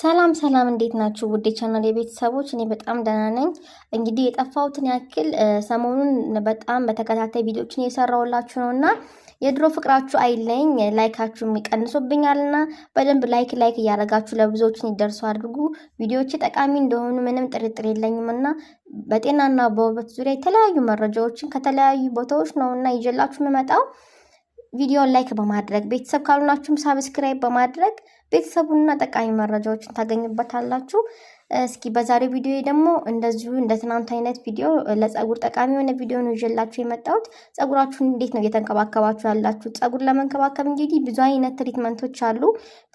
ሰላም ሰላም፣ እንዴት ናችሁ ውዴ ቻናል የቤተሰቦች? እኔ በጣም ደህና ነኝ። እንግዲህ የጠፋሁትን ያክል ሰሞኑን በጣም በተከታታይ ቪዲዮችን የሰራሁላችሁ ነው እና የድሮ ፍቅራችሁ አይለኝ። ላይካችሁ ይቀንሶብኛል እና በደንብ ላይክ ላይክ እያደረጋችሁ ለብዙዎች ይደርሱ አድርጉ። ቪዲዮዎች ጠቃሚ እንደሆኑ ምንም ጥርጥር የለኝም እና በጤናና በውበት ዙሪያ የተለያዩ መረጃዎችን ከተለያዩ ቦታዎች ነው እና ይዤላችሁ የምመጣው ቪዲዮን ላይክ በማድረግ ቤተሰብ ካሉናችሁም ሳብስክራይብ በማድረግ ቤተሰቡንና ጠቃሚ መረጃዎችን ታገኙበታላችሁ። እስኪ በዛሬው ቪዲዮ ደግሞ እንደዚሁ እንደ ትናንቱ አይነት ቪዲዮ ለጸጉር ጠቃሚ የሆነ ቪዲዮ ነው ይዤላችሁ የመጣሁት። ጸጉራችሁን እንዴት ነው እየተንከባከባችሁ ያላችሁ? ጸጉር ለመንከባከብ እንግዲህ ብዙ አይነት ትሪትመንቶች አሉ።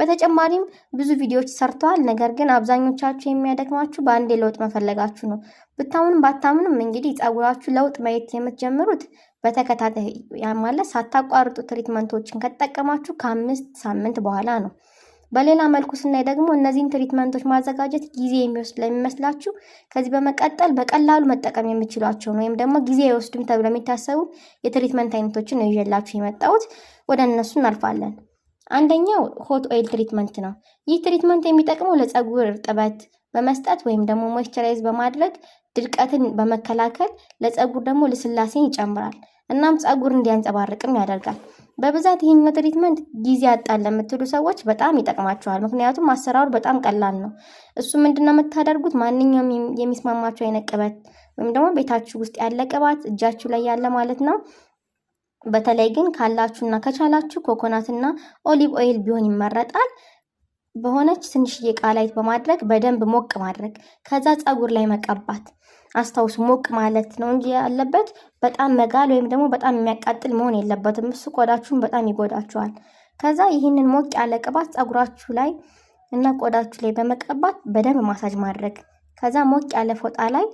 በተጨማሪም ብዙ ቪዲዮዎች ሰርተዋል። ነገር ግን አብዛኞቻችሁ የሚያደክማችሁ በአንዴ ለውጥ መፈለጋችሁ ነው። ብታምንም ባታምኑም እንግዲህ ጸጉራችሁ ለውጥ ማየት የምትጀምሩት በተከታታይ ማለት ሳታቋርጡ ትሪትመንቶችን ከተጠቀማችሁ ከአምስት ሳምንት በኋላ ነው። በሌላ መልኩ ስናይ ደግሞ እነዚህን ትሪትመንቶች ማዘጋጀት ጊዜ የሚወስድ ለሚመስላችሁ ከዚህ በመቀጠል በቀላሉ መጠቀም የሚችሏቸውን ወይም ደግሞ ጊዜ አይወስድም ተብሎ የሚታሰቡ የትሪትመንት አይነቶችን ነው ይዤላችሁ የመጣሁት። ወደ እነሱ እናልፋለን። አንደኛው ሆት ኦይል ትሪትመንት ነው። ይህ ትሪትመንት የሚጠቅመው ለፀጉር እርጥበት በመስጠት ወይም ደግሞ ሞይስቸራይዝ በማድረግ ድርቀትን በመከላከል ለፀጉር ደግሞ ልስላሴን ይጨምራል። እናም ፀጉር እንዲያንጸባርቅም ያደርጋል። በብዛት ይህኛው ትሪትመንት ጊዜ ያጣል ለምትሉ ሰዎች በጣም ይጠቅማቸዋል። ምክንያቱም አሰራሩ በጣም ቀላል ነው። እሱ ምንድነው የምታደርጉት ማንኛውም የሚስማማቸው አይነት ቅበት ወይም ደግሞ ቤታችሁ ውስጥ ያለ ቅባት እጃችሁ ላይ ያለ ማለት ነው። በተለይ ግን ካላችሁና ከቻላችሁ ኮኮናትና ኦሊቭ ኦይል ቢሆን ይመረጣል። በሆነች ትንሽዬ ቃላይት በማድረግ በደንብ ሞቅ ማድረግ ከዛ ፀጉር ላይ መቀባት። አስታውሱ ሞቅ ማለት ነው እንጂ ያለበት በጣም መጋል ወይም ደግሞ በጣም የሚያቃጥል መሆን የለበትም። እሱ ቆዳችሁን በጣም ይጎዳችኋል። ከዛ ይህንን ሞቅ ያለ ቅባት ፀጉራችሁ ላይ እና ቆዳችሁ ላይ በመቀባት በደንብ ማሳጅ ማድረግ። ከዛ ሞቅ ያለ ፎጣ ላይ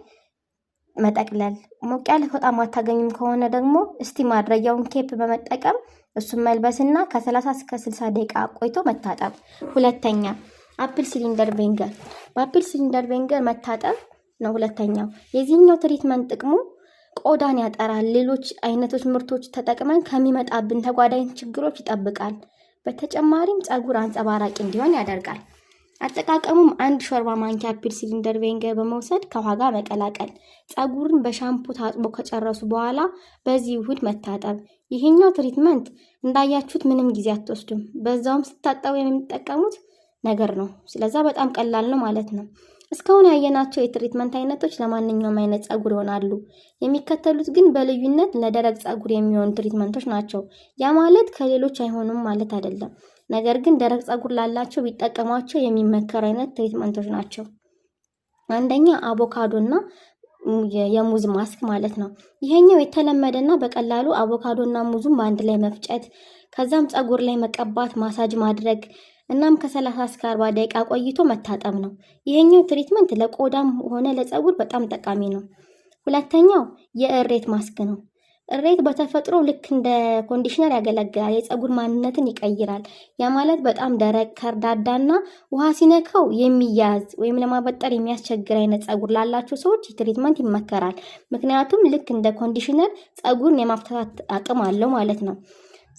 መጠቅለል። ሞቅ ያለ ፎጣ ማታገኙም ከሆነ ደግሞ እስቲ ማድረጊያውን ኬፕ በመጠቀም እሱም መልበስና ከ30 እስከ 60 ደቂቃ ቆይቶ መታጠብ። ሁለተኛ አፕል ሲሊንደር ቬንገር፣ በአፕል ሲሊንደር ቬንገር መታጠብ ነው ሁለተኛው። የዚህኛው ትሪትመንት ጥቅሙ ቆዳን ያጠራል። ሌሎች አይነቶች ምርቶች ተጠቅመን ከሚመጣብን ተጓዳኝ ችግሮች ይጠብቃል። በተጨማሪም ፀጉር አንጸባራቂ እንዲሆን ያደርጋል። አጠቃቀሙም አንድ ሾርባ ማንኪያ ፒል ሲሊንደር ቬንገር በመውሰድ ከውሃ ጋር መቀላቀል፣ ፀጉርን በሻምፑ ታጥቦ ከጨረሱ በኋላ በዚህ ውህድ መታጠብ። ይሄኛው ትሪትመንት እንዳያችሁት ምንም ጊዜ አትወስዱም። በዛውም ስታጠቡ የሚጠቀሙት ነገር ነው። ስለዛ በጣም ቀላል ነው ማለት ነው። እስካሁን ያየናቸው የትሪትመንት አይነቶች ለማንኛውም አይነት ጸጉር ይሆናሉ። የሚከተሉት ግን በልዩነት ለደረቅ ጸጉር የሚሆኑ ትሪትመንቶች ናቸው። ያ ማለት ከሌሎች አይሆኑም ማለት አይደለም፣ ነገር ግን ደረቅ ጸጉር ላላቸው ቢጠቀሟቸው የሚመከር አይነት ትሪትመንቶች ናቸው። አንደኛ አቮካዶ እና የሙዝ ማስክ ማለት ነው። ይሄኛው የተለመደ እና በቀላሉ አቮካዶ እና ሙዙም በአንድ ላይ መፍጨት ከዛም ጸጉር ላይ መቀባት፣ ማሳጅ ማድረግ እናም ከ30 እስከ 40 ደቂቃ ቆይቶ መታጠብ ነው። ይሄኛው ትሪትመንት ለቆዳም ሆነ ለፀጉር በጣም ጠቃሚ ነው። ሁለተኛው የእሬት ማስክ ነው። እሬት በተፈጥሮ ልክ እንደ ኮንዲሽነር ያገለግላል። የፀጉር ማንነትን ይቀይራል። ያ ማለት በጣም ደረቅ ከርዳዳና ውሃ ሲነካው የሚያዝ ወይም ለማበጠር የሚያስቸግር አይነት ፀጉር ላላቸው ሰዎች ትሪትመንት ይመከራል። ምክንያቱም ልክ እንደ ኮንዲሽነር ፀጉርን የማፍታት አቅም አለው ማለት ነው።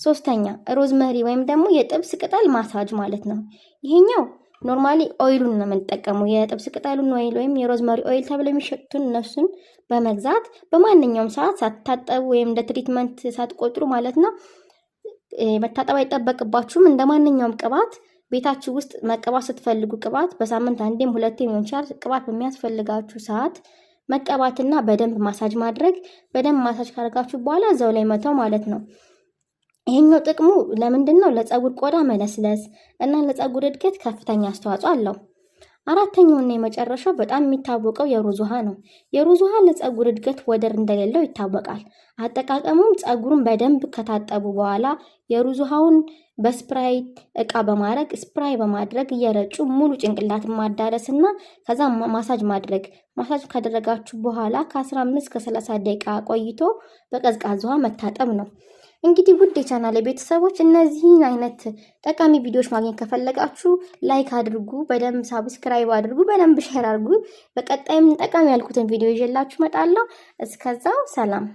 ሶስተኛ ሮዝመሪ ወይም ደግሞ የጥብስ ቅጠል ማሳጅ ማለት ነው። ይሄኛው ኖርማሊ ኦይሉን ነው የምንጠቀመው። የጥብስ ቅጠሉን ኦይል ወይም የሮዝመሪ ኦይል ተብሎ የሚሸጡትን እነሱን በመግዛት በማንኛውም ሰዓት ሳትታጠቡ ወይም እንደ ትሪትመንት ሳትቆጥሩ ማለት ነው መታጠብ አይጠበቅባችሁም። እንደ ማንኛውም ቅባት ቤታችሁ ውስጥ መቀባት ስትፈልጉ ቅባት በሳምንት አንዴም ሁለቴ ሊሆን ይችላል። ቅባት በሚያስፈልጋችሁ ሰዓት መቀባትና በደንብ ማሳጅ ማድረግ። በደንብ ማሳጅ ካደረጋችሁ በኋላ እዛው ላይ መተው ማለት ነው። ይሄኛው ጥቅሙ ለምንድን ነው? ለፀጉር ቆዳ መለስለስ እና ለፀጉር እድገት ከፍተኛ አስተዋጽኦ አለው። አራተኛውና የመጨረሻው በጣም የሚታወቀው የሩዝ ውሃ ነው። የሩዝ ውሃ ለፀጉር እድገት ወደር እንደሌለው ይታወቃል። አጠቃቀሙም ፀጉሩን በደንብ ከታጠቡ በኋላ የሩዝ ውሃውን በስፕራይ እቃ በማድረግ ስፕራይ በማድረግ እየረጩ ሙሉ ጭንቅላትን ማዳረስ እና ከዛ ማሳጅ ማድረግ። ማሳጅ ካደረጋችሁ በኋላ ከ15 ከ30 ደቂቃ ቆይቶ በቀዝቃዝ ውሃ መታጠብ ነው። እንግዲህ ውድ የቻናል ቤተሰቦች እነዚህን አይነት ጠቃሚ ቪዲዮዎች ማግኘት ከፈለጋችሁ ላይክ አድርጉ፣ በደንብ ሳብስክራይብ አድርጉ፣ በደንብ ሼር አድርጉ። በቀጣይም ጠቃሚ ያልኩትን ቪዲዮ ይዤላችሁ እመጣለሁ። እስከዛው ሰላም።